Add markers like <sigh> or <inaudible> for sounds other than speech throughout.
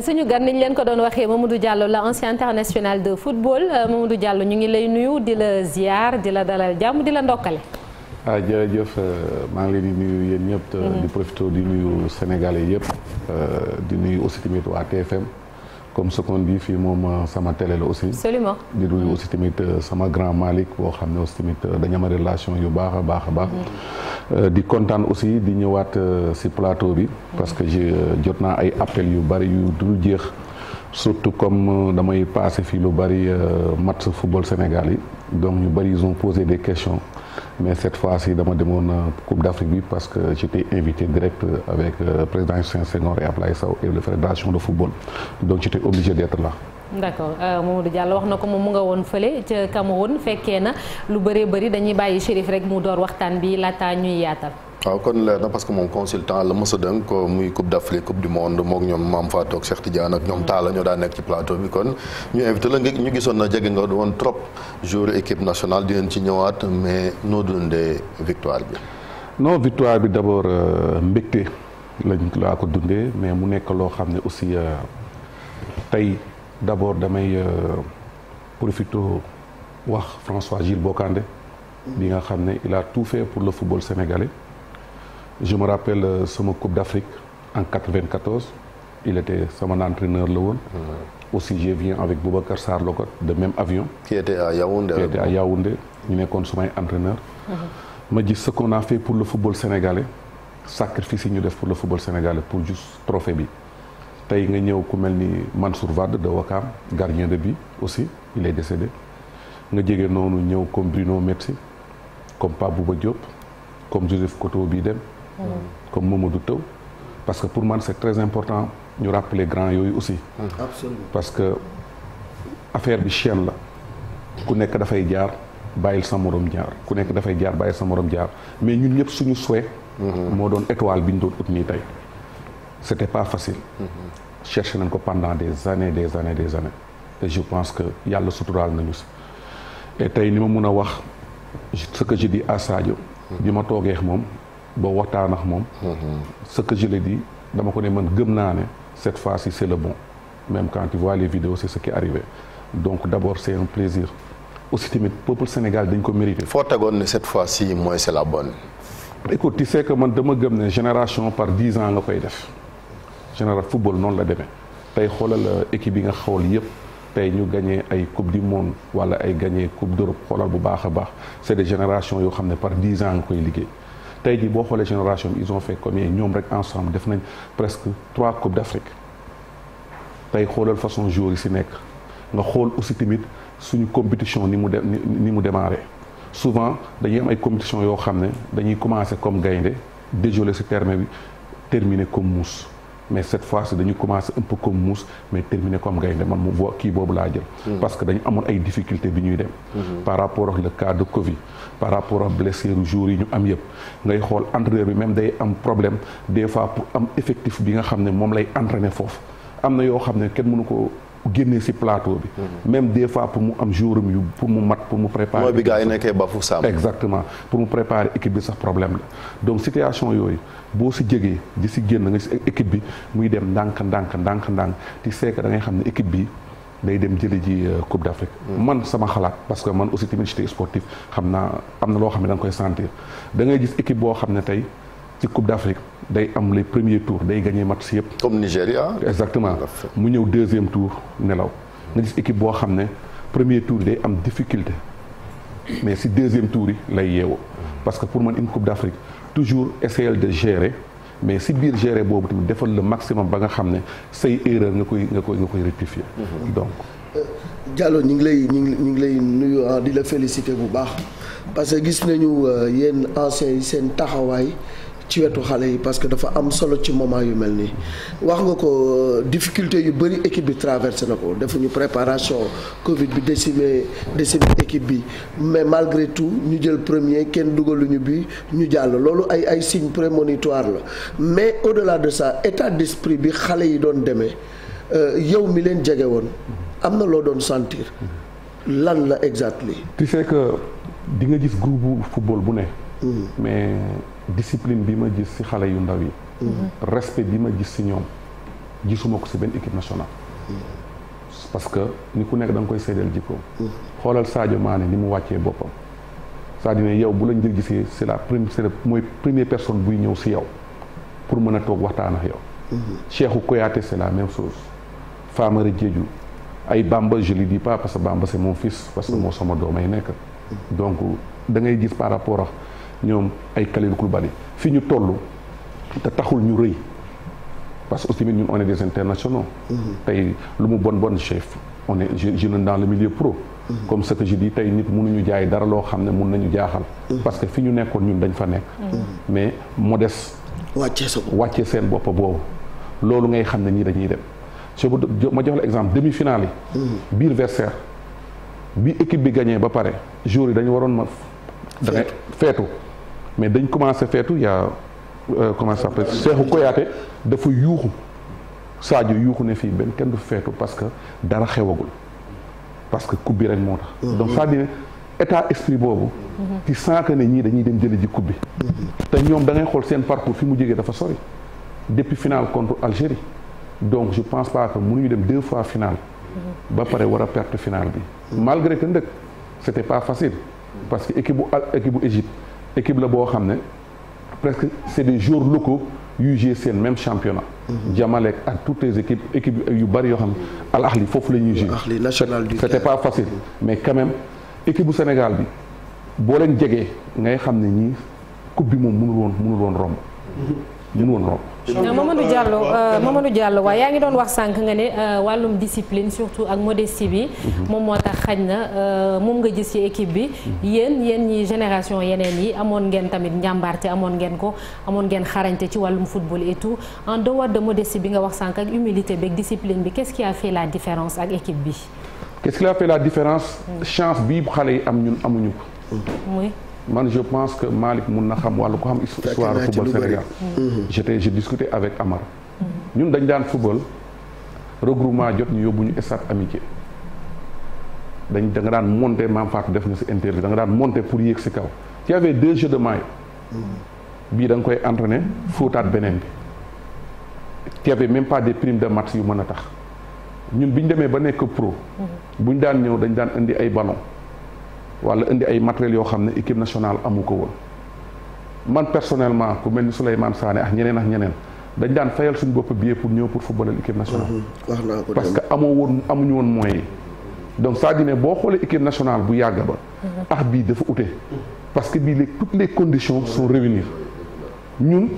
suñu gan niñ leen ko doon waxee Mamadou Diallo la ancien international de football euh, du Diallo ñu ngi lay nuyu di la ziar di la dalal jàmm di la ndokkale. ah jërëjëf euh, maa ngi leen di nuyu yéen ñëpp. Mhm. di profité di nuyu Sénégalais yëpp. Euh, di nuyu aussi tamit waa TFM. comme seconde bi fii moom euh, sama tele la aussi. absolument di nuyu aussi tamit euh, sama grand Malick boo xam ne aussi tamit euh, dañu am relation yu baax a baax a baax. Mm. di kontaan aussi di ñëwaat si plateau bi. parce que jot naa ay appels yu bari yu dul jeex. surtout comme damay passé fii lu bari match football Sénégal yi donc ñu bari ils ont posé des questions. mais cette fois-ci dama demoon euh, Coupe d'Afrique bi parce que j'étais invité direct euh, avec euh, le président Hissène Senghor et Ablaye Sow et la fédération de football donc j'étais obligé d'être là d'accord Mamadou Diallo wax na ko moom mu nga woon fële ca Cameroun fekkee na lu bëree bëri dañuy bàyyi Chérif rek mu door waxtaan bi laata ñuy yaatal waaw kon leer na parce que moom consultant la mos a dënk muy coupe d' afrique coupe du monde mook ñoom Mame Fatou ak Cheikh Tidiane ak ñoom mm. Talla ñoo daa nekk ci plateau bi kon ñu invité la ñu gisoon na jege nga woon trop joueur équipe nationale dinañ ci ñëwaat mais noo dundee victoire bi. non victoire bi d' abord euh, mbégte lañ laa ko dundee mais mu nekk loo xam ne aussi euh, tey d' abord damay euh, profité wax François Gilles Bocandé mm. bi nga xam ne il tout fait pour le football sénégalais. je me rappelle euh, sama Coupe d'Afrique en 94 il était sama entraîneur la woon. aussi je viens avec Boubacar Sarr Locotte de même avion. qui était à Yaoundé. qui était ñu nekkoon sumay entraîneur. Mm-hmm. ma gis ce qu'on a fait pour le football sénégalais sacrifice yi ñu def pour le football sénégalais pour juste trophée bi. tey nga ñëw ku mel ni man Wade de Wakam gardien de but aussi il est décédé nga jege noonu ñëw comme Bruno Metsu comme Pape Bouba Diop comme Joseph Koto Euh, comme moom Mamadou Taw parce que pour man c'est très important ñu rappeler grand yooyu aussi mmh. absolument parce que affaire bi chaîne la ku nekk dafay jaar bàyyil sa morom jaar ku nekk dafay jaar bàyyil sa morom jaar mais ñun ñëpp suñu souhait mmh. moo doon étoile bi ñu doon ut nii tey c'était pas facile mmh. cherché nañ ko pendant des années des années des années et je pense que yàlla suturaal nañu si et tey ni ma mun a wax ce que je dis à Sadio bi ma toogee moom ba waxtaan ak moom. Mm-hmm. ce que je l'ai dama ko ne man gëm naa ne cette fois-ci c'est le bon même quand tu vois les vidéos c'est ce qui est donc d'abord c'est un plaisir aussi tamit peuple Sénégal dañ ko mérité. foo tegoon ne cette fois-ci mooy c'est la bon écoute tu sais man dama gëm ne génération par dix ans nga koy def général football noonu la demee tey xoolal euh, équipe yi nga xool yépp tey ñu gagné ay coupe du monde wala ay gagné coupe d'Europe xoolal bu baax a baax c'est des yoo xam ne par dix nga koy liggéey. tey jii boo xoolee génération ils ont fait combien ñoom rek ensemble def nañ presque trois coupes d' tey xoolal façon joueur yi si nekk nga xool aussi tamit suñu compétition ni mu de ni mu démarré souvent dañuy am ay compétition yoo xam ne dañuy commencé comme gaynde déjolé si terme bi terminé comme muus mais cette fois-ci dañu commencé un peu comme mousse mais terminé comme gaynde man mu vo kii boobu laa jël. Hmm. parce que dañu amoon ay difficultés bi ñuy dem. Hmm. par rapport ak le cas de Covid. par rapport ak blessure jour yi ñu am yëpp ngay xool entraîneur bi même day am problème des fois pour am effectif bi nga xam ne moom lay entraîner foofu am na yoo xam ne kenn mënu ko. génnee si plateau bi. Mhm. même des fois pour mu am jouram yu pour mu mat pour mu préparer. mooy bi gars yi nekkee Bafou exactement pour mu préparer équipe bi sax problème la donc situation yooyu boo si jegee di si génn nga si équipe bi muy dem ndànk ndànk ndànk ndànk ti seek da ngay xam ne équipe bi. day dem jëli ji euh, Coupe d'Afrique. Mhm. man sama xalaat parce que man aussi tamit j'étais sportif xam naa am na loo xam ne da koy sentir da ngay gis équipe boo xam ne tey. ci coupe d' Afrique day am les premiers tours day gagné match yëpp. comme Nigéria. exactement mu ñëw deuxième tour nelaw nga gis équipe boo xam ne premier tour day am difficulté mais si deuxième tour yi lay yeewoo parce que pour man une coupe d' toujours essayer de gérer mais si biir gérer boobu tamit defal le maximum ba nga xam ne say erreur nga koy nga koy nga koy rectifier. Mhm. donc. Euh, Diallo ñu ngi lay ñu ngi ñu ngi lay nuyu ah, di la féliciter bu baax parce que gis nañu euh, yéen anciens yi seen taxawaay. ci wetu xale yi parce que dafa am solo ci moment yu mel nii wax nga ko difficulté yu bëri équipe bi traversé na ko defuñu préparation Covid bi décimé décimé équipe bi mais malgré tout ñu jël premier kenn dugaluñu bi ñu jàll loolu ay ay signe prémonitoire la mais au la de ça état d'esprit bi xale yi doon demee euh, yow mi leen jege woon am na loo doon sentir lan la exactement. tu sais que di nga gis groupe football bu ne. Hmm. discipline bi ma gis si xale yu ndaw yi. Mhm. respect bi ma gis si ñoom gisuma ko si benn équipe nationale. Mhm. parce que ni ku nekk da nga koy seedeel jikkoom. Mhm. xoolal Sadio maane ni mu wàccee boppam. c'est-à-dire yow bu la njël gisee c'est la première c'est mooy première personne buy ñëw si yow pour mën a toog waxtaan ak yow. Cheikhou Kouyaté c'est la même chose. Famara jeeju ay Bamba je le dis pas parce que Bamba c'est moom fils. parce que moo sama doom ay nekk. donc da ngay gis par rapport ak. ñoom ay Kalidou Koulibaly fi ñu toll te taxul ñu rëy parce que aussi ñun on est des internationaux. tey lu mu bon bon chef on est jeune dans le milieu pro. comme ce que je dis tey nit ñu jaay dara loo xam ne mun nañu jaaxal. parce que fi ñu nekkoon ñun dañ fa nekk. mais modeste. wàccee sa bopp seen bopp boobu. loolu ngay xam ne ñii dañuy dem soo ma jox la exemple demi-finale yi. biir Versailles bi équipe bi gagné ba pare jour yi dañu waroon ma. da ngay mais dañ commencé feetu yaa euh, comment ça s'appelle Cheikhou dafa yuuxu Sadio yuuxu ne fii benn kenn du feetu parce que dara xewagul parce que coupe bi rek moo tax mhm. donc ça dit état esprit boobu ci mhm. sens ne ñii dañuy dem jëli ji coupe bi mhm. te ñoom da ngay xool seen parcours fi mu jógee dafa sori depuis finale contre Algérie donc je pense pas que ñu dem deux fois finale ba pare war a perte finale bi malgré que ndëkk c'était pas facile parce que équipe bu équipe la boo xam ne presque c' est des joueurs locaux yu jouer seen même championnat. Mhm. Jamalek ak toutes les équipes équipe yu bari yoo xam ne Al Ahli foofu la ñuy jouer. Ahli national du. c' était pas facile mais quand même équipe bu Sénégal bi boo leen jegee ngay xam ne ñii coupe bi moom mënul woon mënul woon romb. Mhm. mënul Euh, euh, Mamadou ma Mamadou Diallo euh, waaye yaa ngi doon wax sànq nga ne wàllum discipline surtout ak modestie bi mhm. moom moo tax xaj na moom nga gis ci équipe bi mhm. yéen yéen ñi génération yeneen yi amoon ngeen tamit njàmbaarte amoon ngeen ko amoon ngeen xarañte ci wàllum football et tout en dehors de modestie bi nga wax sànq ak humilité beeg discipline bi qu'est-ce qui fait la différence ak équipe bi qu'est-ce qui a fait la différence chance bi xale yi am ñun amuñu ko man je pense que Malick mun na xam wàllu ko xam histoire football Sénégal mhm. j'étais j'ai discuté avec Amar ñun dañ daan football regroupement jot ñu yóbbu ñu stade amitié dañ da nga daan monter maam Fatou def na si interview da nga daan monter pour yéeg si kaw ci y avait deux jeux de maillot mhm. bii danga koy entraîner footaat beneen bi ci même pas des primes de match yu mën a tax ñun bi ñu demee ba nekk pro mhm. bu ñu daan ñëw dañ daan indi ay ballon wala indi ay matériels yoo xam ne équipe nationale amu ko woon man personnellement ku mel ni Souleymane Sané ak ñeneen ak ñeneen dañ daan fayal suñu bopp billet pour ñëw pour footballal équipe nationale. Mhm. wax naa ko parce que amoo woon amuñu woon moyens donc ça dit ne boo xoolee équipe nationale bu yàgg ba. Mhm. ak bii dafa ute. parce que bii les toutes les conditions sont réunies ñun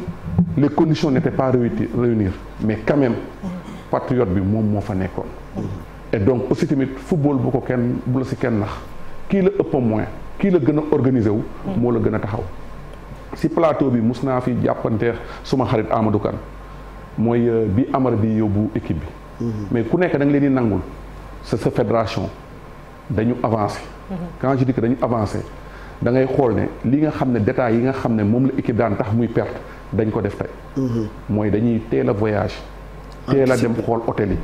les conditions n'étaient pas réunies mais quand même mhm. patriote bi moom moo fa nekkoon. et donc aussi tamit football bu ko kii la ëpp moyen kii la gën a organisé wu. moo la gën a taxaw. si plateau bi mus naa fi jàppanteex suma xarit Amadou mooy euh, bi Amar bi yóbbu équipe bi. Mhm. mais ku nekk da nga leen di nangul sa sa fédération dañu avancé. Mhm. quand di que dañu avancé da ngay xool ne li nga xam ne détails yi nga xam ne moom la équipe daan tax muy perte dañ ko def tey. Mhm. mooy dañuy teel a voyage. teel a dem xool hôtel yi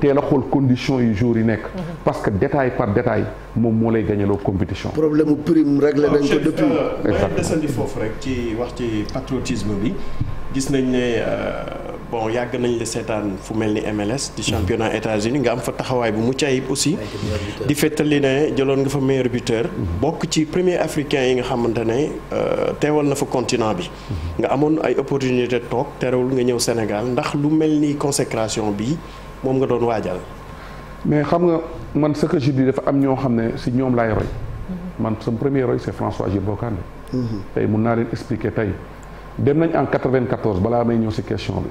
teel a xool condition yi jour yi nekk parce que détail par détail moom moo lay gañaloo compétition problème prime réglé nañ ko ah, depuis euh, exactement ci wax ci patriotisme bi gis nañ ne euh, bon yàgg nañ la seetaan fu mel ni MLS di championnat États-Unis nga am fa taxawaay bu mucc ayib aussi di fettali ne jëloon nga fa meilleur buteur bokk ci premier africain yi nga xamante ne euh, teewal na fa continent bi nga amoon ay opportunité toog terewul nga ñëw Sénégal ndax lu mel ni consécration bi moom nga doon waajal mais xam nga man ce que dafa am ñoo xam ne si ñoom laay roy mhm. man sama premier roy c'est François Gilles Bocandé mhm. tey mun dem nañ en 94 balaa may ñëw si question bi.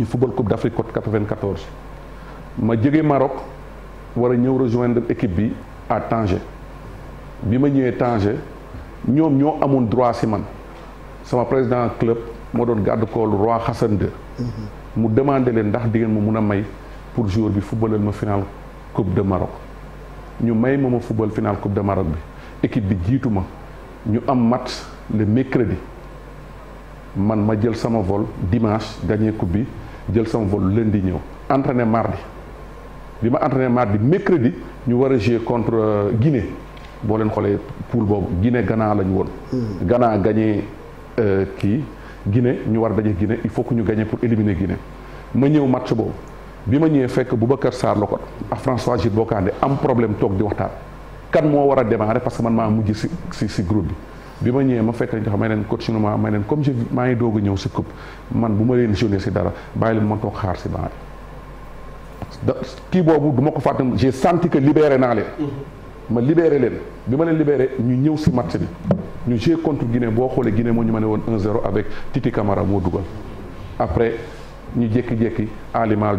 ñu football coupe d' Afrique côté 94. ma jege Maroc war a ñëw rejoindre équipe bi à Tanger bi ma ñëwee Tanger ñoom ñoo amoon droit si man sama président club moo doon garde corps roi Hassan mu demandé leen ndax di ngeen ma mun a may pour jour bi footballal ma final coupe de Maroc ñu may ma ma football final coupe de Maroc bi équipe bi jiitu ma ñu am match le mercredi. man ma jël sama vol dimanche gagné coupe bi jël sama vol di ñëw entraîné mardi bi ma entraîné mardi mercredi ñu war a jouer contre euh, Guinée boo leen xoolee poule boobu Guinée Ghana la ñu woon. Hmm. Ghana gagné euh, kii Guinée ñu war a daje Guinée il faut que ñu gagné pour éliminer Guinée ma ñëw match boobu bi ma ñëwee fekk Boubacar Sarr la ko ak ah, François Jules Bocandé am problème toog di waxtaan kan moo war a démarrer parce que man maa mujj si si si groupe bi ma ñëwee ma fekk lañ tax may leen continuement may leen comme je maa ngi doog a ñëw si coupe man bu ma leen jone si dara bàyyi leen ma toog xaar si bant da kii boobu du ma ko fàtte j'ai senti que libéré naa leen mm-hmm. ma libéré leen bi ma leen libéré ñu ñëw si match bi ñu joué contre Guinée boo xoolee Guinée moo ñu mën a woon 1-0 avec Titi Camara moo dugal après ñu jékki-jékki alimal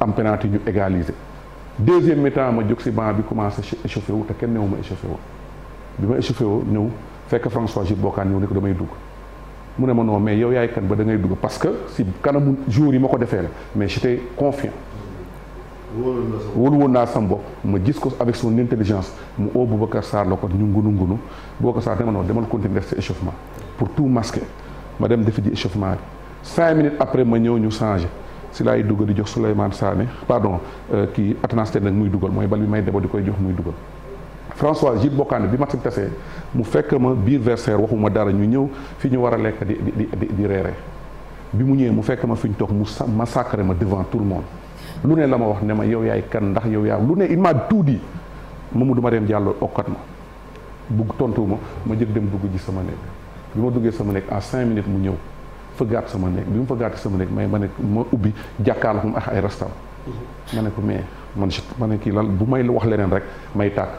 am penalty ñu égaliser deuxième mi ma jóg si banc bi commencé échauffé wu te kenn newu ma échauffé wu bi ma échauffé wu ñëw fekk François Jules Bocandé ñëw ne ko damay dugg mu ne ma non mais yow yaay kan ba da ngay dugg parce que si kanamu jour yi ma ko defee la mais j'étais confiant. wóolu woon naa sam bopp ma gis ko avec son intelligence mu oo Boubacar Sarr la ko ñu ngunu ngunu Boubacar Sarr ne ma non demal continuer def sa échauffement pour tout masquer ma dem defi ji échauffement bi cinq minutes après ma ñëw ñu changé si laay dugg di jox Souleymane Sané pardon euh, kii Atanas nag muy dugal mooy bal bi may debo di koy jox muy dugal. François Jules Bocandé bi ma bi tasee mu fekk ma biir Versailles waxuma dara ñu ñëw fi ñu war a lekk di di di di reere bi mu ñëwee mu fekk ma fi ñu toog mu massacré ma devant tout le monde lu ne la ma wax ne ma yow yaay kan ndax yow yaa lu ne il m'a tout dit Mamadou Mariam Diallo okkat ma bugg tontuwu ma ma jël dem dugg ji sama nekk bi ma duggee sama nekk à cinq minutes mu ñëw fëggaat sama néeg bi mu fëggaat sama néeg may ma ne ma ubbi jàkkaarloo ak ay rastam mhm. ma ne ko mais man ma ne kii lan bu may wax leneen rek may tàkk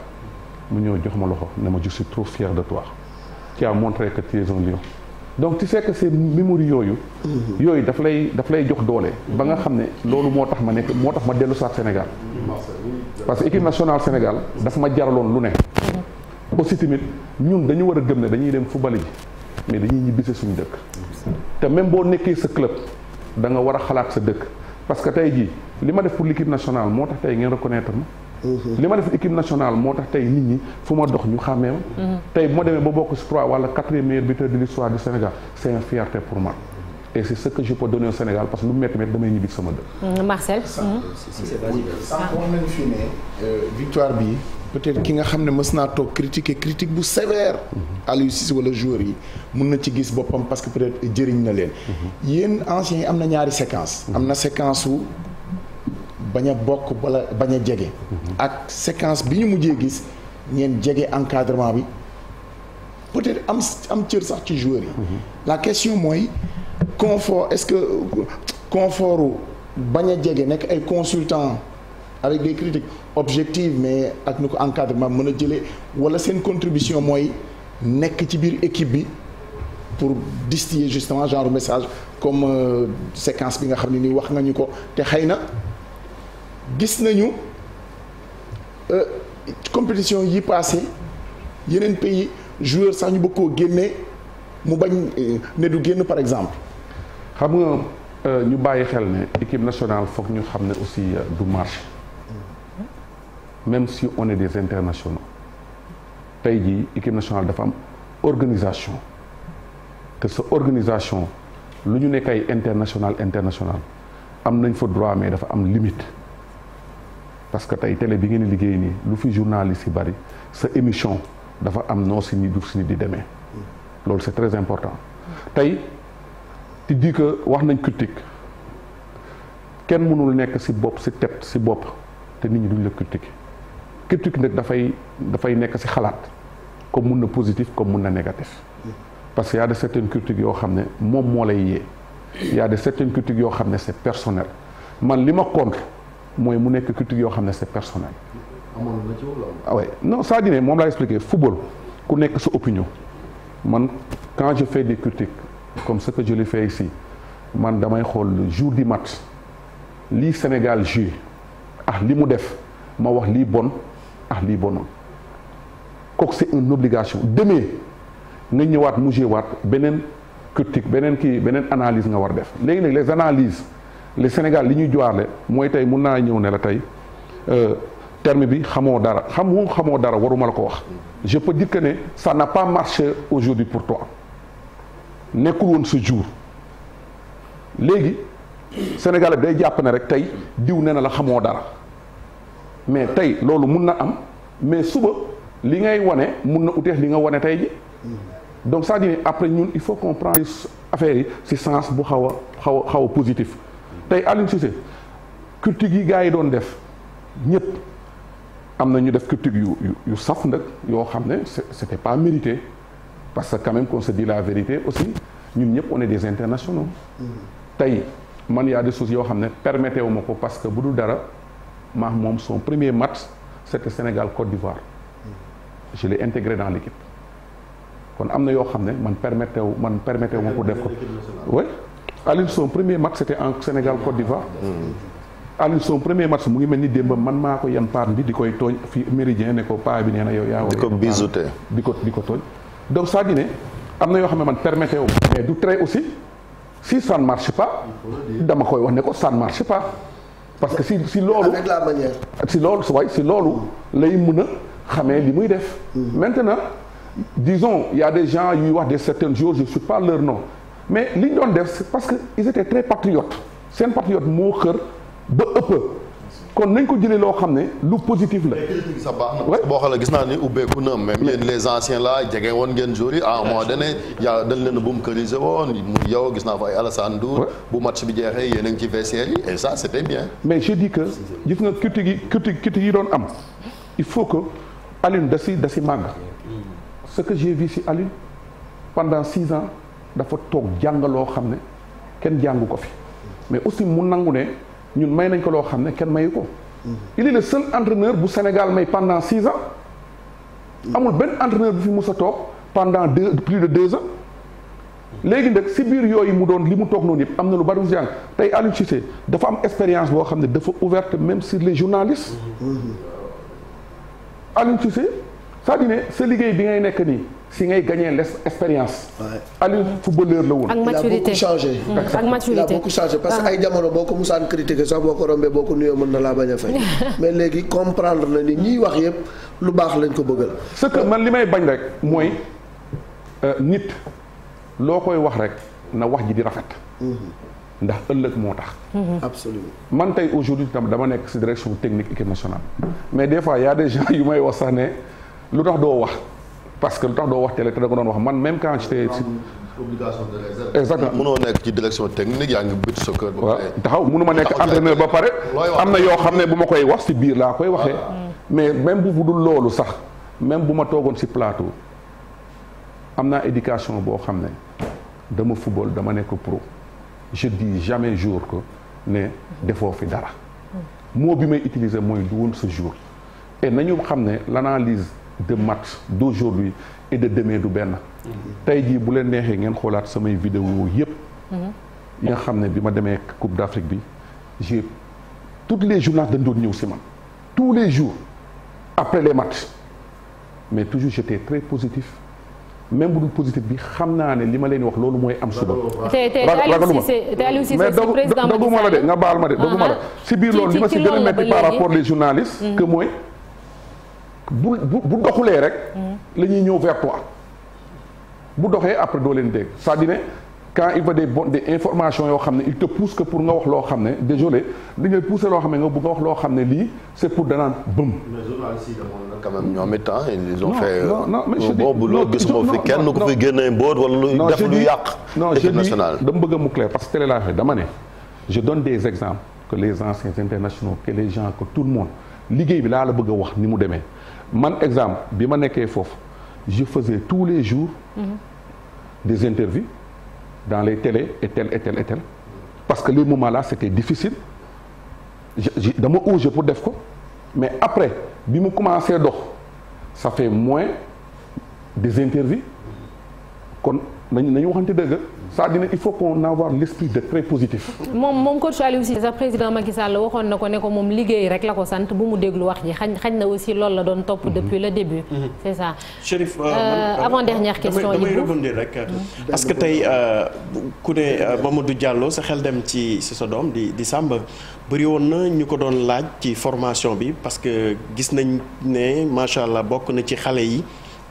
mu ñëw jox ma loxo ne ma je suis trop fier de toi ci as montré que tu es lion donc ci sais que ces mémories yooyu mhm. yooyu daf lay daf lay jox doole ba nga xam ne loolu moo tax ma nekk moo tax ma dellu saat Sénégal parce que équipe nationale Sénégal daf ma jaraloon lu ne aussi tamit ñun dañu war a gëm ne dañuy dem football ji mais dañuy ñibbisi suñu dëkk te même boo nekkee sa club da nga war a xalaat sa dëkk parce que tey jii li ma def pour l'équipe nationale moo tax tey ngeen reconnaître ma Mhm. li ma def équipe nationale moo tax tey nit ñi fu ma dox ñu xàmmee ma mhm. tey bu ma demee ba bokk si trois wala quatrième meilleur buteur de l'histoire du Sénégal c'est une pour moi et c'est ce que je peux donner Sénégal parce que lu mu métti damay ñibbi sama dëkk. Mhm, Marcel. victoire bi peut-être ki nga xam ne mës naa toog critiquer critique bu sévère. Aliou Cissé wala joueurs yi mun na ci gis boppam parce que peut-être jëriñ na leen. yéen anciens yi am na ñaari séquence bañ a bokk wala bañ a jege. Mhm. ak séquence bi ñu mujjee gis ngeen jege encadrement bi peut-être am am cër sax ci joueurs yi. Mhm. la question mooy confort est-ce que confort bañ a jege nekk ay consultant avec des critiques objectives mais ak nu ko encadrement mën a jëlee wala seen contribution mooy nekk ci biir équipe bi. pour distiller justement genre message comme euh, séquence bi nga xam ne ni wax nga ñu ko te xëy na gis nañu euh, compétition yi passé yeneen pays joueur sax ñu bëgg génnee mu bañ euh, ne du génn par exemple xam nga euh, ñu bàyyi xel ne équipe nationale foog ñu xam ne aussi du marché même si on est des internationaux tey jii équipe nationale dafa am organisation te sa organisation lu ñu nekk ay international international am nañ fa droit mais dafa am limite parce que tey télé bi ngeen di liggéey nii lu fi journaliste si bari sa émission dafa am noo si ni du di demee loolu c'est très important tey tu dis wax nañ critique kenn mënul nekk si bopp si tête si bopp te nit ñi duñ la critique critique nag dafay dafay nekk si xalaat comme mun na positif comme mun na négatif parce que y a de certaines critiques yoo xam ne moom moo lay yee y de certaines critiques yoo xam ne c'est personnel man li ma contre mooy mu nekk critique yoo xam ne c'est personnel. amoon na ci wala. waaye ah non Sadio ne moom laa expliqué football ku nekk sa opinion man quand je fais des critiques comme ce que je l'ai fait ici man damay xool le jour du match lii Sénégal joué ah li mu def ma wax lii bon ah lii bon kooku c'est une obligation demain nga ñëwaat mu joué waat beneen critique beneen kii beneen analyse nga war def léegi nag les analyses. le Sénégal li ñuy jowaarle mooy tey mun naa ñëw ne la tey euh, terme bi xamoo dara xam moom xamoo dara waruma la ko wax je peux dire ne ça n'a pas marché aujourd'hui pour toi nekkul woon ce jour léegi Sénégal bi day jàpp ne rek tey diw ne na la xamoo dara mais tey loolu mun na am mais suba li ngay wane mun na uteex li nga wane tey ji donc ça dit après ñun il faut qu'on prend affaire yi ci sence bu xaw a xaw xaw a positif tey Aliou Cissé critique yi gars yi doon def ñëpp am na ñu def critique yu yu saf nag yoo xam ne c'était pas mérité parce que quand même qu'on se la vérité aussi ñun ñëpp one des internationaux mm-hmm. tey man yaa des choses yoo xam ne permettre wu ma ko parce que bu dul dara maa moom son premier match c'était Sénégal Côte d'Ivoire mm-hmm. je l'ai intégré dans l'équipe kon am na yoo xam ne man permettre man permettre wu def ko Aliou son premier match c'était en Sénégal Côte d'Ivoire. Mm. Aliou son premier match mu ngi mel ni démb man maa ko yan paan bi di koy tooñ fii Méridien ne ko paa bi nee na yow yaa. di ko di ko di ko tooñ. donc ça dit am na yoo xam ne man permettre wu mais du trait aussi si ça ne marche pas dama koy wax ne ko ça ne marche pas. parce que si si loolu avec la si loolu su waay si loolu lay mën a xamee li muy def. Mm. maintenant disons il y des gens yuy wax de certaines choses je ne sais pas leur nom. mais li ñu doon def parce que ils étaient très patriotes seen patriote moo xër ba ëpp kon nañ ko jëlee loo xam ne lu positif la. sa baax na boo xoolee gis naa ni ubbeeku na même yéen les anciens là jege woon ngeen jour yi à un moment donné yàlla dañ leen a bunkeriser woon muy yow gis naa fa ay Alassane Ndour bu match bi jeexee yéen a ngi ci vestiaire yi et ça c'était bien. mais je di que gis nga critique yi critique critique yi doon am il faut que Alioune da si da si màgg ce que j'ai vu si Alioune pendant six dafa toog jàng loo xam ne kenn jàngu ko fi mais aussi mu nangu ne ñun may nañ ko loo xam ne kenn mayu ko mm-hmm. il est le seul entraîneur bu Sénégal may pendant six ans mm-hmm. amul benn entraîneur bu fi mus sa toog pendant deux plus de deux ans mm-hmm. léegi nag si biir yooyu mu doon li mu toog noonu yëpp am na lu bari mu si jàng tey Aliou Cissé dafa am expérience boo xam ne dafa ouverte même si les journalistes Aliou Cissé c'est-à-dire sa liggéey bi ngay nekk nii si ngay gagné l'expérience. Aliou footballeur la woon. ak mm. maturité il a beaucoup changé. ak maturité il a beaucoup parce que ah. ay jamono boo ko musaan critiqué sax boo ko rombee boo ko nuyoo mën na laa bañ a fay. <laughs> mais léegi comprendre na ni ñiy wax yëpp lu baax lañ ko bëgga ce que man li may bañ rek mooy euh, nit loo koy wax rek na wax ji di rafet. Mm-hmm. ndax ëllëg moo tax. Mm-hmm. absolument man tey aujourd'hui tam dama nekk si direction technique équipe nationale mais des fois y a des gens yu may wax sax ne lu tax doo wax. parce que lu tax doo wax télé te da nga doon wax man même quand j'étais obligation de réserve. exactement mënoo nekk ci direction technique yaa ngi bitt sa nekk entraîneur ba pare. am na yoo xam ne bu ma koy wax si biir laa koy waxe ah. mm. mais même bu dul loolu sax même bu ma toogoon si plateau am naa éducation boo xam ne dama football dama nekk pro je jamais jour ko ne defoo fi dara. Mm. mot bi may utiliser mooy du sa ce jour. et nañu xam ne l'analyse de match d'aujourd'hui et de demain du benn. tey jii bu leen neexee ngeen xoolaat samay vidéo yëpp. nga xam ne bi ma demee Coupe d'Afrique bi j'ai toutes les journalistes dañ doon ñëw si man tous les jours après les matchs mais toujours j'étais très positif même bu dul positif bi xam naa ne li ma leen wax loolu mooy am suba. ragaluma mais dogu ma la de nga baal ma de dogu ma la si biir loolu li ma si gën a metti par rapport les journalistes mm-hmm. que mooy bu bu doxulee rek. Hmm. la ñuy ñëw vers toi bu doxee après doo leen dégg c'est-à-dire ne quand il va des bon des informations yoo xam ne il te pousse que pour nga wax loo xam ne désolé li ngay poussé loo xam ne nga bu nga wax loo xam ne lii c'est pour danaan bëm. mais journalistes yi demoon na quand même ñoom it ah ils ont fait. non non mais je euh, dis boobu loo gis moo fi kenn ku fi génnee mboot wala lu def lu yàq. équipe nationale non je dis dama bëgg mu clair parce que télé laa xëy dama ne je donne des exemples que les anciens internationaux que les gens que tout le monde liggéey bi laa la bëgg a wax ni mu demee. man exemple bi ma nekkee foofu je faisais tous les jours mm des interviews dans les télé et tel et tel parce que les moments là c'était difficile dama urgé pour def ko mais après bi mu commencé dox ça fait moins des interviews kon nañ nañu waxante dëgg c'est-à-dire il faut qu'on avoir l'esprit de très positif. moom moom coach Aliou Cissé sax président Macky Sall waxoon na ko ne ko moom liggéey rek la ko sant bu mu déglu wax ji xañ xañ na aussi loolu la doon topp depuis le début. Mm-hmm. Mm-hmm. c'est ça. Chérif euh, euh, euh, avant dernière question damay rebondir rek. parce que tey ku ne Mamadou Diallo sa xel dem ci si sa doom di di Samba bëri woon na ñu ko doon laaj ci formation bi parce que gis nañ ne macha allah bokk na ci xale yi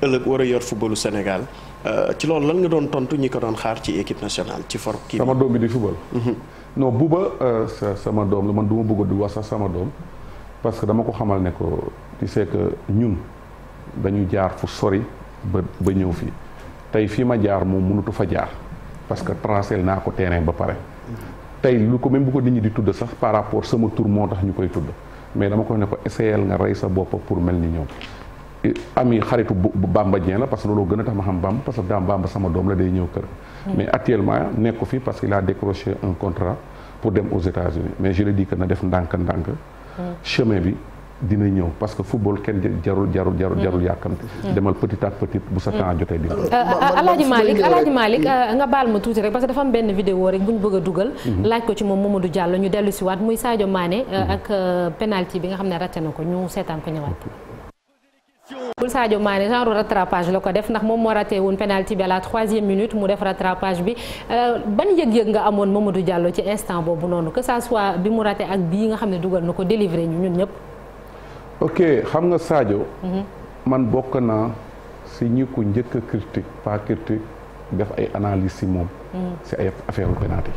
ëllëg war a yor footballu Sénégal. Euh, ci loolu lan nga doon tontu ñi ko doon xaar ci équipe nationale ci for kii sama doom bi di football. Mhm. non buuba euh, sa sama doom la man du ma bëgg di wax sax sama doom parce que dama ko xamal ne ko tu que ñun dañu jaar fu sori ba ba ñëw fii tey fii ma jaar moom mënutu fa jaar parce que transel naa ko terrain ba pare tey lu ko même bu ko nit ñi di tudd sax par rapport sama tour moo tax ñu koy tudd mais dama ko ne ko essayel nga rey sa bopp pour mel ni ñëw ami xaritu Bamba Dieng la parce que looloo gën a tax ma xam Bamba parce que daam Bamba sama doom la day ñëw kër mm. mais actuellement nekku fi parce qu'il a décroché un contrat pour dem aux États-Unis mais je lui dis na def ndànk-ndànk mm. chemin bi dina ñëw parce que football kenn jarul jarul mm. demal petit à petit bu sa temps jotee a dugal mm-hmm. laaj ko ci moom Mamadou Diallo ñu euh, mm-hmm. euh, bi nga xam ne raté na ko ñu seetaan ko ñëwaat bul Sadio Mané genre rattrapage la ko def ndax moom moo raté woon penalty bi à la troisième minute mu def rattrapage bi euh, ban yëg-yëg nga amoon Mamadou Diallo ci instant boobu noonu que ça soit bi mu raté ak bii nga xam ne dugal na ko délivré ñu ñun ñëpp. ok xam nga Sadio. Mhm. man bokk naa si ñi ko njëkk a critique pas critique def ay analyse si moom. Mhm. si ay affaire penalty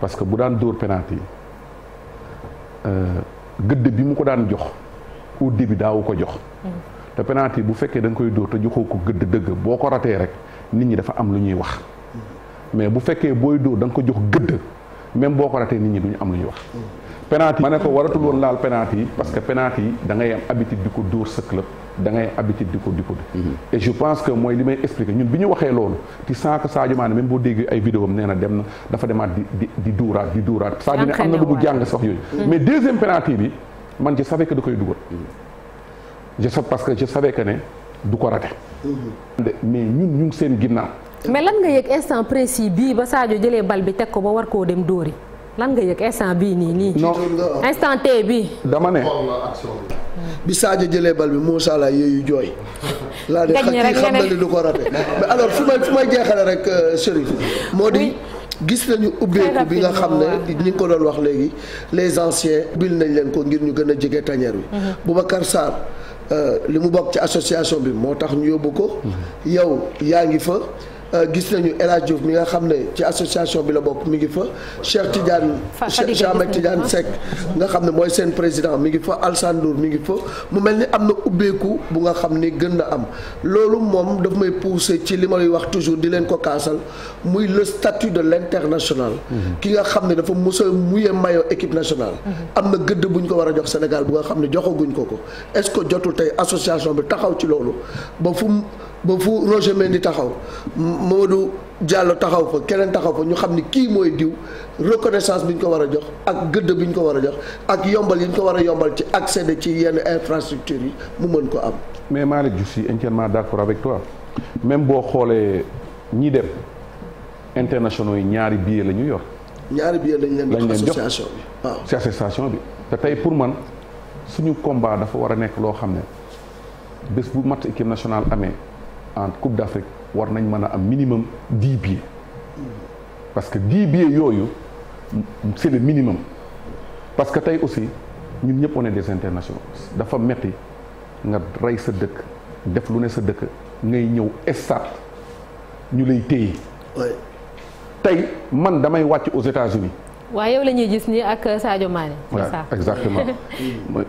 parce que bu daan dóor penalty yi euh, bi mu ko daan jox. au début daawu ko jox. te penalty bu fekkee danga koy dóor te joxoo ko gëdd dëgg boo ko ratee rek nit ñi dafa am lu ñuy wax. mais bu fekkee booy dóor da nga ko jox gëdd même boo ko ratee nit ñi duñu am lu ñuy wax. penalty ma ne ko waratul woon laal penalty yi parce que penalty yi da ngay am habitude di ko dóor sa club da ngay am di ko di ko mm-hmm. je pense que mooy li may expliqué ñun bi ñu waxee loolu ci sànq Sadio Mané même boo déggee ay vidéo am nee na dem na dafa demaat di di di dóoraat di dóoraat Sadio ne am na lu mu jàng sox yooyu mm-hmm. mais deuxième penalty bi man je savais que da koy dugal. je sais parce que je savais ne du ko raté. mais ñun ñu ngi seen ginnaaw. mais lan nga yëg instant précis bii ba saajo jëlee bal bi teg ko ba war koo dem dóori lan nga yëg instant bii nii nii. non instant T bi dama ne. bi Sadio jële bal bi Moussa la yooyu jooy. laa de xam nga du ko raté mais alors fu may fu may jeexale rek euh, Chérif moo di. gis nañu ubbeeku bi nga xam ne ñi ko doon wax léegi les anciens ubbil nañ leen ko ngir ñu gën a jege tanière bi mm-hmm. Boubacar Sarr euh, li mu bokk ci association bi moo tax ñu yóbbu ko mm-hmm. yow yaa ngi fa Euh, gis nañu El Hadj Diouf mi nga xam ne ci association bi la bokk mi ngi fa Cheikh Tidiane Cheikh Ahmed Tidiane Seck nga xam ne mooy seen président mi ngi fa Alsane Ndour mi ngi fa mu mel ni am na ubbeeku bu nga xam ni gën a am loolu moom daf may pousser ci li ma wax toujours di leen ko kaasal muy le statut de l'international mhm. ki nga xam ne dafa mos a muyee mayo équipe nationale mhm. am na gëdd bu ñu ko war a jox Sénégal bu nga xam ne joxaguñ ko ko est-ce que jotul tey association bi taxaw ci loolu ba fu Roger di taxaw Mamadou Diallo taxaw fa keneen taxaw fa ñu xam ni kii mooy diw reconnaissance bi ñu ko war a jox ak gëdd bi ñu ko war a jox ak yombal yi ñu ko war a yombal ci ak accéder ci yenn infrastructure yi mu mën ko am. mais Malick je suis entièrement d'accord avec toi même boo xoolee ñi dem internationaux yi ñaari billets la ñu yor. ñaari billets lañ leen jox association bi waaw ci association bi te tey pour man suñu combat dafa war a nekk loo xam ne bés bu mat équipe nationale amee. en Coupe d'Afrique war nañ mën a am minimum dix billets parce que dix billets yooyu c'est le minimum parce que tey aussi ñun ñëpp on des internationaux dafa metti nga rey sa dëkk def lu ne sa dëkk ngay ñëw estat ñu lay téye tey man damay wàcc aux États-Unis waaw yow la gis nii ak Sadio Mané. c'est ça exactement <laughs>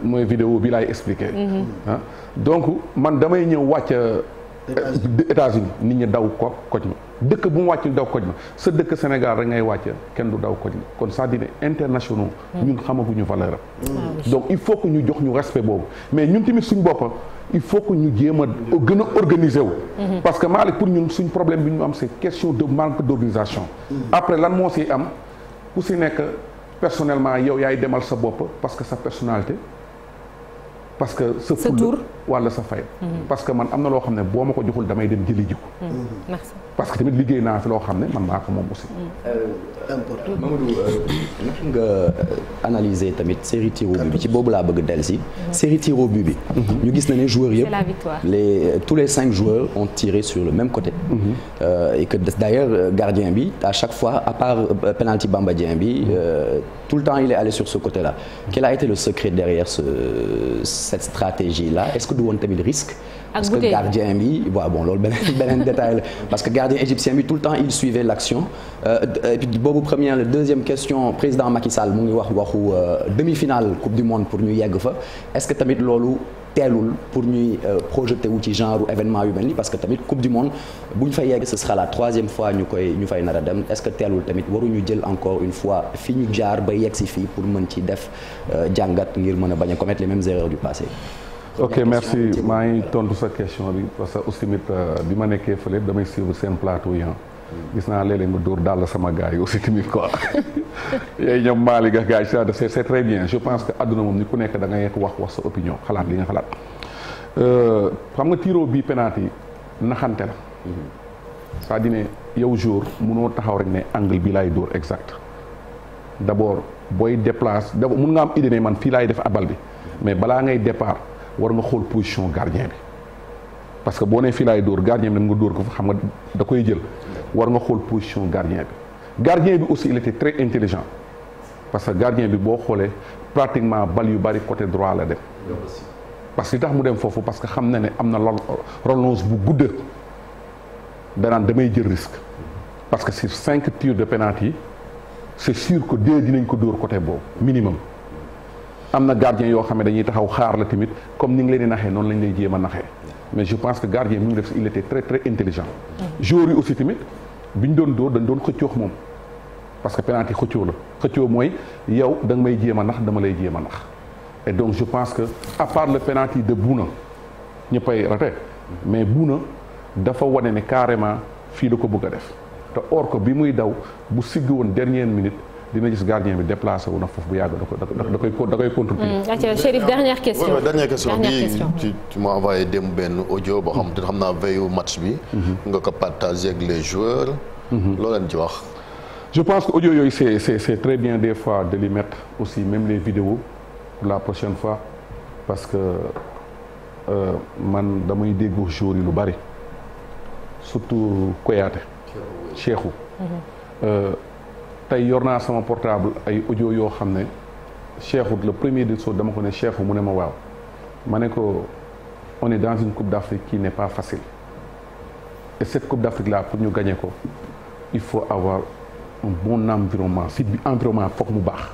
mooy vidéo bi laay expliqué. Mhm. Ah. donc man damay ñëw wàcc. Euh, <laughs> États-Unis nit ñi daw ko koj ma dëkk bu mu wàccul daw koj ma sa dëkk Sénégal rek ngay wàcce kenn du daw koj ma kon c'est-à-dire internationaux hmm. ñun xamaguñu valeur am hmm. ah, donc il faut ñu jox ñu respect boobu mais ñun tamit suñ boppa il faut que ñu jéem a gën a organiser wu hmm. parce que Malick pour ñun suñ problème bi ñu am c'est question de manque d'organisation après lan moo si am ku si nekk personnellement yow yaay demal sa bopp parce que sa personnalité parce que sa fulla wala sa fay mhm. parce que man am na loo xam ne boo ma ko joxul damay dem jëli jiko mhm. parce que tamit liggéey naa fi loo xam ne man maa ko moom aussi mhm. euh, euh, nga euh, analyser tamit série tir bi ci boobu laa bëgg dellu si série tir au but bi ñu gis na ne joueurs yëpp les tous les cinq joueurs on tiré sur le même côté et que d'ailleurs gardien bi à chaque fois à part penalty Bamba bi Tout le temps, il est allé sur ce côté-là. Quel a été le secret derrière ce, cette stratégie-là Est-ce que du woon tamit risque parce que gardien bi waaw bon loolu beneen <laughs> beneen détail la parce que gardien égyptien bi tout le temps il suivait l'action euh, et puis boobu première la deuxième question président Macky Sall mu ngi wax waxu euh, demi-finale coupe du monde pour ñu yegg fa est-ce que tamit loolu teelul pour ñuy euh, projeté wu ci genre événement yu mel ni parce que tamit coupe du monde bu ñu fay yegg ce sera la fois ñu koy ñu fay nar a dem est-ce que teelul tamit waruñu jël encore une fois fi ñu jaar ba yegg si fii pour mën ci def euh, jàngat ngir mën a bañ a commettre les mêmes erreurs du passé. ok merci maa ngi tontu sa question bi parce que aussi tamit euh, bi ma nekkee fële damay suivre seen plateau yi gis naa léeg-léeg ma dóor dàll sama gars yi aussi tamit quoi <laughs> yooyu ñoom maali ga gars sa c' est bien je pense que àdduna moom ni ku nekk da ngay wax wax sa opinion xalaat li nga xalaat euh, xam nga tiro bii penalty yi naxante la mm-hmm. cest à ne yow jour mënoo taxaw rek ne angle bi laay dóor exact d' abord booy déplace d' abord mun nga am idée ne man fii laay def abal bi mm-hmm. mais balaa ngay départ war nga xool position gardien bi parce que boo ne fii laay dóor gardien bi nga dóor ko fa xam nga da koy jël war nga xool position gardien bi gardien bi aussi il était très intelligent parce que gardien bi boo xoolee pratiquement bal yu bari côté droit la dem parce que li tax mu dem foofu parce que xam na ne am na lol relance bu gudd danaan damay jël risque parce que sur cinq tirs de pénalty yi c'est sûr que deux dinañ ko dóor côté boobu minimum am na gardien yoo xam ne dañuy taxaw xaar la tamit comme ni ngi leen di naxee noonu lañ lay jéem a naxee mais je pense que gardien bi mu def il était très très intelligent. joueurs yi aussi tamit bi ñu doon dóor dañ doon xëccoox moom parce que penalty xëccoo la xëccoo mooy yow danga may jéem a ndax dama lay jéem a nax et donc je pense que à part le penalty de Bouna ñëppay raté mais Bouna dafa wane ne carrément fii la ko bëgg a def te oor ko bi muy daw bu sigg woon dernière minute. dina gis gardien bi déplacé wu na foofu bu yàgg da koy da koy da koy contrôler. Mm, ok Chérif dernière question. oui benn audio boo xam te xam naa veillu match bi. Mm-hmm. nga ko partagé ak les joueurs. Mm-hmm. loo leen ci wax. je pense que audio yooyu c'est c'est c'est très bien des fois de les aussi même les vidéos pour la prochaine fois parce que euh, man damay déggu jour lu bari surtout Koyaate. Cheikhou. Mm-hmm. Euh, tey yor naa sama portable ay audio yoo xam ne Cheikhou la premier des choses dama ko ne Cheikhou mu ne ma waaw ma ne ko one est dans une coupe d'Afrique kii ne pas facile et cette coupe d'Afrique là pour ñu gagner ko il faut avoir un bon environnement si biir environnement foog mu baax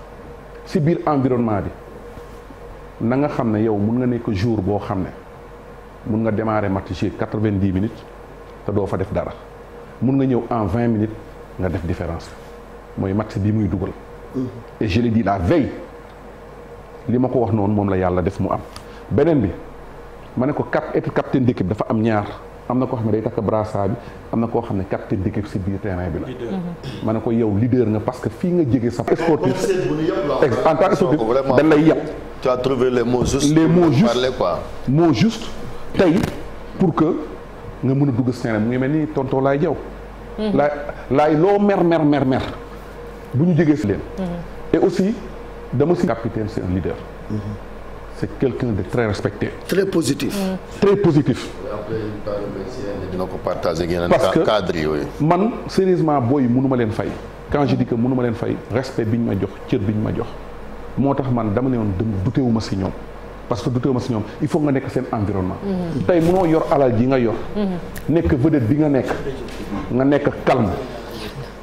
si biir environnement bi na nga xam ne yow mun nga nekk jour boo xam ne mun nga démarrer match ci quatre-vingt-dix minutes te doo fa def dara mun nga ñëw en vingt minutes nga def différence mooy match bi muy dugal. Mm-hmm. et je l'ai dit la veille li ma ko wax noonu moom la yàlla def mu am. beneen bi ma ne ko cap être capitaine d'équipe dafa am ñaar am na koo xam ne day takk brassard bi am na koo xam ne capitaine d'équipe si biir terrain bi la. Mm-hmm. ma ne ko yow leader nga parce que fii nga jege sa. sportif en tant que sportif dañ lay yab. tu as trouvé les mots justes. les mots justes parler quoi. mots justes tey pour que nga mën a dugg si terrain mu ngi mel nii tonton laay jaw laay mm-hmm. laay loo mer mer mer mer. bu ñu jegee si leen mm-hmm. et aussi dama si capitaine c'est un leader mm-hmm. c'est quelqu'un de très respecté très positif mm. très positif dina ko partager parce que cadre yooyu man sérieusement booy mënuma leen fay quand di dis que leen fay respect bi ñu ma jox cër bi ñu ma jox moo tax man dama ne woon dutewuma si ñoom parce que dutewuma si ñoom il faut nga nekk seen environnement tey mënoo yor alal ji nga yor nekk vedette bi nga nekk nga nekk calme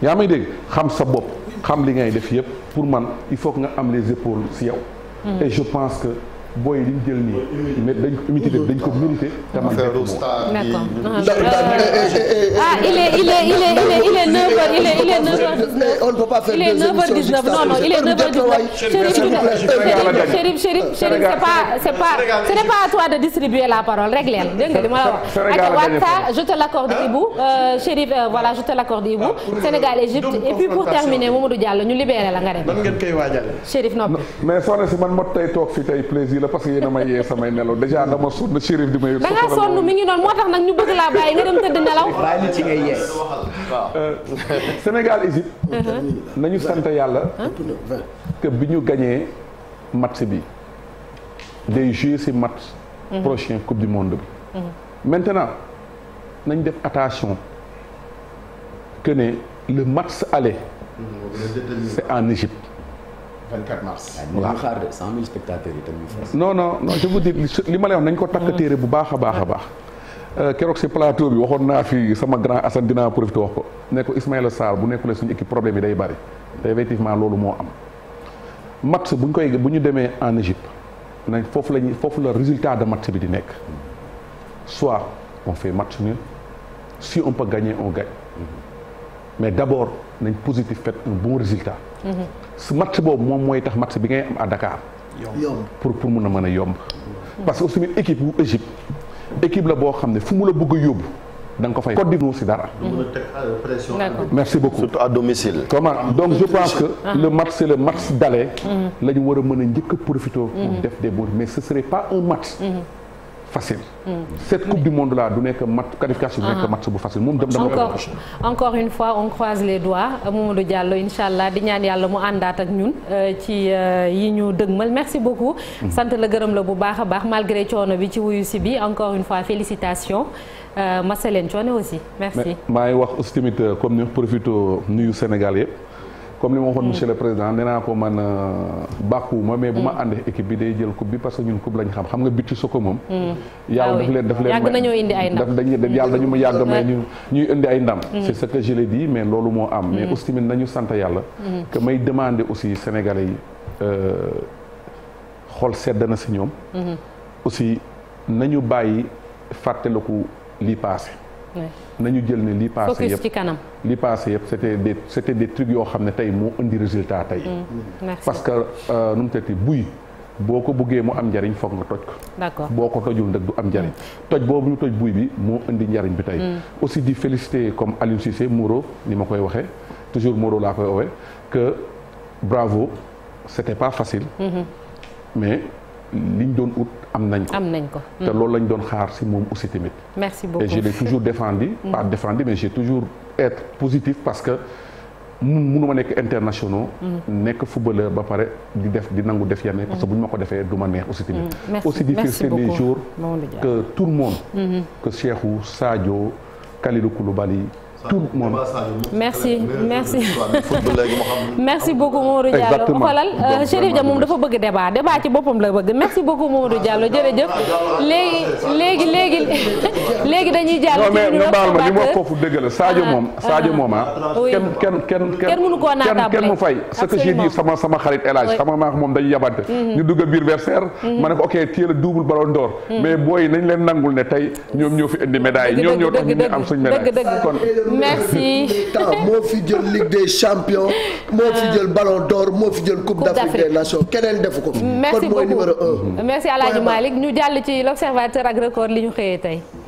yaa may dégg xam sa bopp xam li ngay def yëpp pour man il faut que nga am les épaules si yow. Hmm. et je pense booy yi ñu jël nii mais dañ ko imité dañ ko mérité. tamit eh, eh, eh, ah il est il est il est il est 9h il est il est 9h19 on ne peut pas faire il est 9h19 non non il est 9h19 Chérif Chérif Chérif c'est pas c'est pas ce n'est pas à toi de distribuer la parole rek leen dégg nga li ma la wax. Sénégal la je te l'accorde Ibou euh, Chérif euh, voilà je te l'accorde Ibou ah, Sénégal Égypte et puis pour terminer Mamadou Diallo ñu libéré la nga dem. lan ngeen koy waajal. Chérif noppi mais soxna si man mot tey toog fi tey plaisir. la parce que yéen a may yee samay nelaw dèjà dama sonn Chérif di ma yëg. da ngaa sonn mi ngi noonu moo tax nag ñu bëgg laa bàyyi nga dem tëdd nelaw. <laughs> Euh, Sénégal Égypte. Uh-huh. nañu sant yàlla. que bi ñu gañee match bi day jouer si match. Uh-huh. prochain coupe du monde bi. Uh-huh. maintenant nañ def attention que ne le match aller. Mmh, c'est en Égypte. 24 mars. waaw ah, xaar de yi tamit. dire li ma lay wax nañ ko takk téere bu baax a baax a baax. Euh, keroog si plateau bi waxoon naa fi sama grand Assane dinaa profit wax ko ne ko Ismaïla Sarr bu nekkulee suñu équipe problème yi day bari te effectivement loolu moo am. match bu ñu koy bu ñu demee en Égypte nañ foofu la ñuy foofu la résultat de match bi di nekk soit on fait match nul si on peut gagner on gagne mm-hmm. mais d'abord nañ positif fait un bon résultat. su match boobu moom mooy tax match bi ngay am a Dakar. yomb pour pour mun a mën yomb. parce que aussi équipe bu équipe la boo xam ne fu mu la bëgg a yóbbu. da nga ko fay Côte d'Ivoire si dara. Euh, pression merci beaucoup comment donc je pense que ah. le match le match d'aller. Mm-hmm. la ñu war a mën a njëkk a profité. pour mm-hmm. def des bons mais ce serait pas un match. Mm-hmm. facile. Mm. cette coupe du monde là du nekk mat qualification du nekk ah. match bu facile moom dem dama encore encore une fois on croise les doigts Mamadou Diallo di ñaan yàlla mu àndaat ak ñun euh, ci euh, yi ñu dëgmal merci beaucoup. Mm-hmm. sant la gërëm la bu baax a baax malgré coono bi ci wuyu si bi encore une fois félicitations euh, leen coono aussi merci. maa ngi wax aussi tamit comme ni profito nuyu Sénégal yëpp. comme li ma waxoon mm. monsieur le président nee naa ko man euh, bàkkuwuma mais bu ma mm. àndee équipe bi day jël coupe bi parce que ñun coupe lañ xam xam nga bitti soko moom mm. ah yàlla daf leen daf leen yàgg nañoo indi ay ndam dañ yàlla dañu ma yàgg mais ñu indi ay ndam c'est ce que je l'ai mais loolu moo am mais aussi tamit nañu sant yàlla que may demander aussi sénégalais yi euh, xool sedd na si ñoom mm-hmm. aussi nañu bàyyi fàttaliku lii passé nañu jël ne lii passé yëpp ci kanam lii passé yëpp c'était des c'était yoo xam ne tey moo indi résultat tey mm. parce que euh, nu mu tëddee buy boo ko buggee mu am njariñ foog nga toj ko boo ko tojul nag du am njariñ mm. toj boobu ñu toj buy bi moo indi njariñ bi tey mm. aussi di félicité comme Aliou Cissé Mouro ni ma koy waxee toujours moro laa koy owe que bravo c'était pas facile mm-hmm. mais liñ doon ut am nañ ko. nañ ko te hmm. loolu lañ doon xaar si moom aussi tamit. merci beaucoup et je l'ai toujours défendu. Hmm. pas défendu mais j'ai toujours être positif parce que. mun munu ma nekk internationaux. Hmm. nekk footballeur ba pare di def di nangu def yenn parce que bu ñu ma ko defee du ma neex aussi tamit. aussi di féliciter les jours que tout le monde. que Cheikhou Sadio Kalidou Koulibaly. tout moom merci merci <laughs> merci beaucoup Mamadou Diallo xoolal euh, Chérif Dia moom dafa bëgg débat débat ci boppam la bëgg merci beaucoup Mamadou Diallo jërëjëf léegi léegi léegi léegi dañuy jàll non mais baal ma li ma foofu dëgg la Sadio moom ah, Sadio moom ah, ah. ah. kenn kenn kenn kenn mënu koo mu fay ce que gi sama sama xarit El Hadj maa moom dañuy yabante mhm. ñu dugg biir versaire mhm. ma ne ko ok téye la double ballon mhm. mais booy nañ leen nangul ne tey ñoom ñoo fi indi médaille ñoom ñoo tax ñu am suñ médaille merci temps moo fi jël Ligue des champions. moo fi ah. jël Ballon d'or moo fi jël Coupe d'Afrique des nations keneen defu ko. kon mooy numéro un. merci beaucoup merci El Hadj Malick ñu jàll ci l'observateur ak record li ñu xëyee tey.